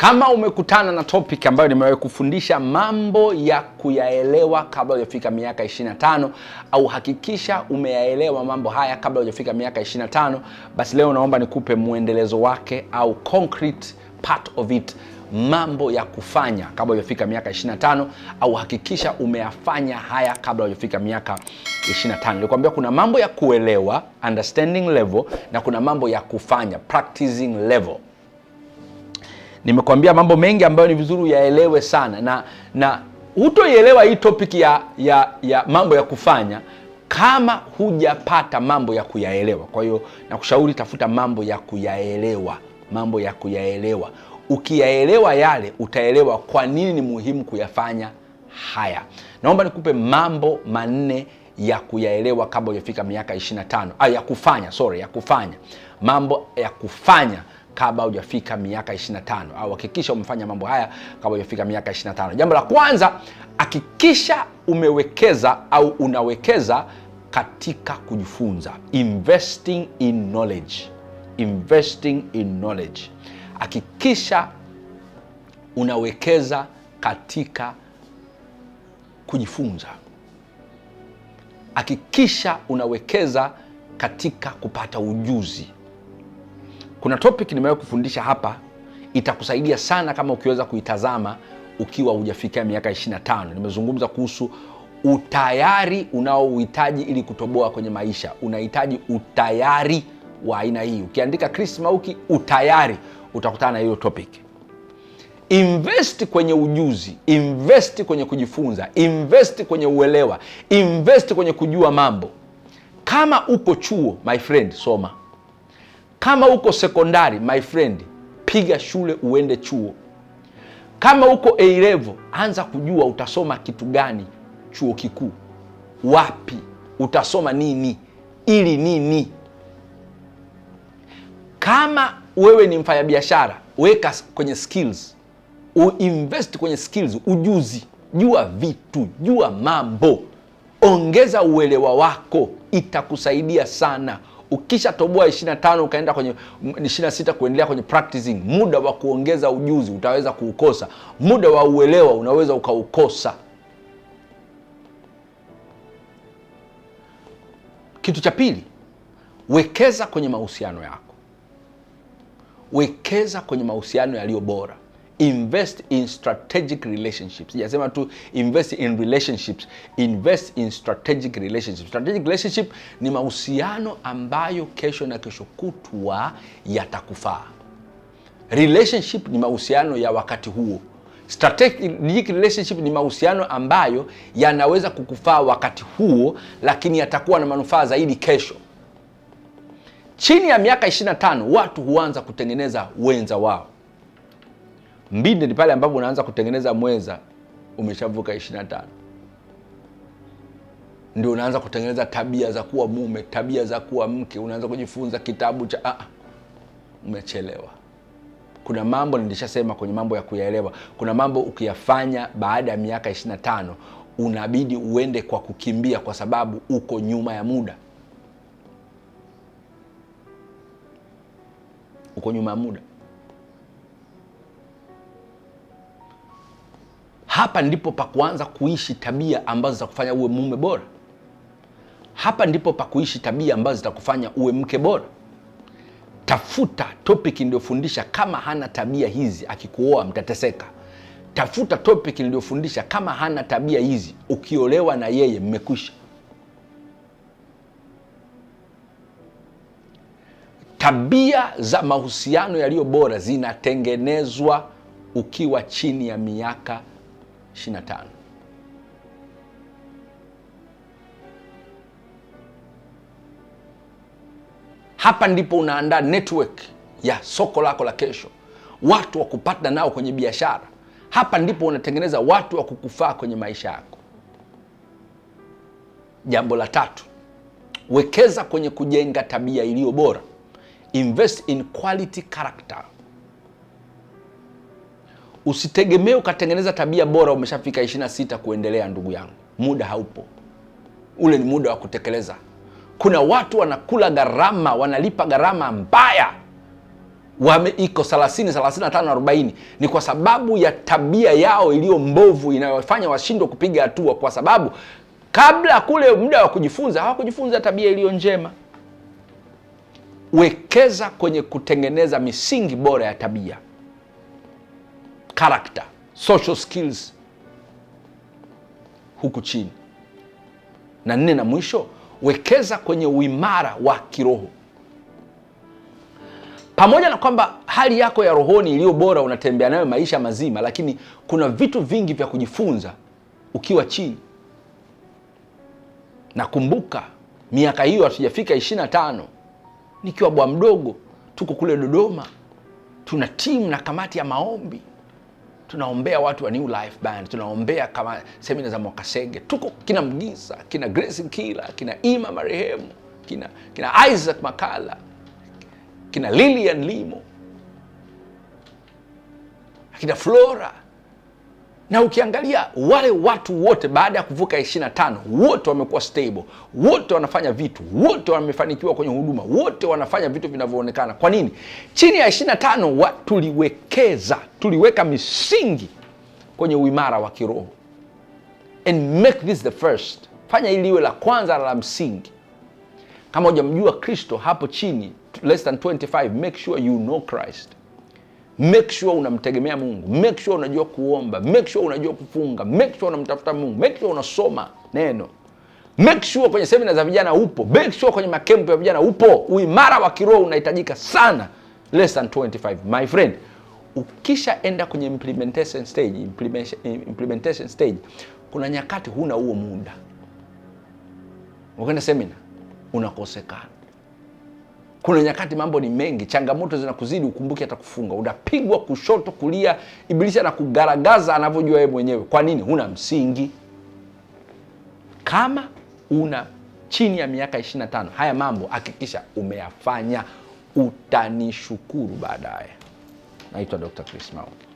Kama umekutana na topic ambayo nimewahi kufundisha mambo ya kuyaelewa kabla hujafika miaka 25 au hakikisha umeyaelewa mambo haya kabla hujafika miaka 25, basi leo naomba nikupe mwendelezo wake au concrete part of it, mambo ya kufanya kabla hujafika miaka 25 au hakikisha umeyafanya haya kabla hujafika miaka 25. Nilikwambia kuna mambo ya kuelewa understanding level na kuna mambo ya kufanya practicing level. Nimekwambia mambo mengi ambayo ni vizuri uyaelewe sana, na na hutoielewa hii topic ya, ya, ya mambo ya kufanya kama hujapata mambo ya kuyaelewa. Kwa hiyo nakushauri tafuta mambo ya kuyaelewa, mambo ya kuyaelewa. Ukiyaelewa yale utaelewa kwa nini ni muhimu kuyafanya haya. Naomba nikupe mambo manne ya kuyaelewa kabla ujafika miaka 25, ah, ya kufanya sorry, ya kufanya mambo ya kufanya kabla hujafika miaka 25, au hakikisha umefanya mambo haya kabla hujafika miaka 25. Jambo la kwanza, hakikisha umewekeza au unawekeza katika kujifunza, investing in knowledge, investing in knowledge. Hakikisha unawekeza katika kujifunza, hakikisha unawekeza katika kupata ujuzi kuna topic nimewahi kufundisha hapa, itakusaidia sana kama ukiweza kuitazama ukiwa hujafikia miaka 25. Nimezungumza kuhusu utayari unaohitaji ili kutoboa kwenye maisha. Unahitaji utayari wa aina hii. Ukiandika Chris Mauki utayari, utakutana na hiyo topic. Invest kwenye ujuzi, invest kwenye kujifunza, invest kwenye uelewa, invest kwenye kujua mambo. Kama uko chuo, my friend, soma kama uko sekondari, my friend, piga shule uende chuo. Kama uko A level, anza kujua utasoma kitu gani chuo kikuu, wapi utasoma nini, ili nini. Kama wewe ni mfanyabiashara, weka kwenye skills, uinvest kwenye skills, ujuzi. Jua vitu, jua mambo, ongeza uelewa wako, itakusaidia sana ukisha toboa 25 ukaenda kwenye 26 kuendelea kwenye practicing, muda wa kuongeza ujuzi utaweza kuukosa, muda wa uelewa unaweza ukaukosa. Kitu cha pili, wekeza kwenye mahusiano yako, wekeza kwenye mahusiano yaliyo bora invest in strategic relationships. Sijasema tu invest in relationships, invest in strategic relationships. Strategic relationship ni mahusiano ambayo kesho na kesho kutwa yatakufaa. Relationship ni mahusiano ya wakati huo. Strategic relationship ni mahusiano ambayo yanaweza kukufaa wakati huo, lakini yatakuwa na manufaa zaidi kesho. Chini ya miaka 25 watu huanza kutengeneza wenza wao. Mbinde ni pale ambapo unaanza kutengeneza mweza umeshavuka 25 tano ndio unaanza kutengeneza tabia za kuwa mume, tabia za kuwa mke, unaanza kujifunza kitabu cha ah, ah. umechelewa. Kuna mambo nilishasema kwenye mambo ya kuyaelewa. Kuna mambo ukiyafanya baada ya miaka 25 na tano unabidi uende kwa kukimbia, kwa sababu uko nyuma ya muda, uko nyuma ya muda. Hapa ndipo pa kuanza kuishi tabia ambazo zitakufanya uwe mume bora. Hapa ndipo pa kuishi tabia ambazo zitakufanya uwe mke bora. Tafuta topic niliyofundisha. Kama hana tabia hizi, akikuoa mtateseka. Tafuta topic niliyofundisha. Kama hana tabia hizi, ukiolewa na yeye mmekwisha. Tabia za mahusiano yaliyo bora zinatengenezwa ukiwa chini ya miaka 25. Hapa ndipo unaandaa network ya soko lako la kesho, watu wa kupata nao kwenye biashara. Hapa ndipo unatengeneza watu wa kukufaa kwenye maisha yako. Jambo la tatu, wekeza kwenye kujenga tabia iliyo bora. Invest in quality character. Usitegemee ukatengeneza tabia bora umeshafika 26 kuendelea, ndugu yangu, muda haupo. Ule ni muda wa kutekeleza. Kuna watu wanakula gharama, wanalipa gharama mbaya, wame iko 30, 35, 40. Ni kwa sababu ya tabia yao iliyo mbovu inayofanya washindwe kupiga hatua, kwa sababu kabla kule muda wa kujifunza hawakujifunza tabia iliyo njema. Wekeza kwenye kutengeneza misingi bora ya tabia character, social skills huku chini. Na nne na mwisho, wekeza kwenye uimara wa kiroho. Pamoja na kwamba hali yako ya rohoni iliyo bora unatembea nayo maisha mazima, lakini kuna vitu vingi vya kujifunza ukiwa chini. Nakumbuka miaka hiyo hatujafika ishirini na tano, nikiwa bwa mdogo, tuko kule Dodoma, tuna timu na kamati ya maombi tunaombea watu wa New Life Band, tunaombea kama semina za Mwakasege, tuko kina Mgisa, kina Grace Kila, kina Ima marehemu, kina, kina Isaac Makala, kina Lilian Limo, kina Flora na ukiangalia wale watu wote baada ya kuvuka 25 wote wamekuwa stable, wote wanafanya vitu, wote wamefanikiwa kwenye huduma, wote wanafanya vitu vinavyoonekana. Kwa nini? Chini ya 25 watu tuliwekeza, tuliweka misingi kwenye uimara wa kiroho. And make this the first, fanya ili iwe la kwanza la msingi. Kama hujamjua Kristo hapo chini less than 25, make sure you know Christ. Make sure unamtegemea Mungu, make sure unajua kuomba, make sure unajua kufunga, make sure unamtafuta Mungu, make sure unasoma neno, make sure kwenye semina za vijana upo, make sure kwenye makempu ya vijana upo. Uimara wa kiroho unahitajika sana. Less than 25 my friend. Ukishaenda kwenye implementation stage, implementation stage, kuna nyakati huna huo muda, ukenda semina unakosekana. Kuna nyakati mambo ni mengi, changamoto zinakuzidi, ukumbuke hata kufunga. Unapigwa kushoto, kulia, Ibilisi anakugaragaza anavyojua yeye mwenyewe. Kwa nini? Huna msingi. Kama una chini ya miaka 25, haya mambo hakikisha umeyafanya, utanishukuru baadaye. Naitwa Dr. Chris Mauki.